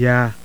Yeah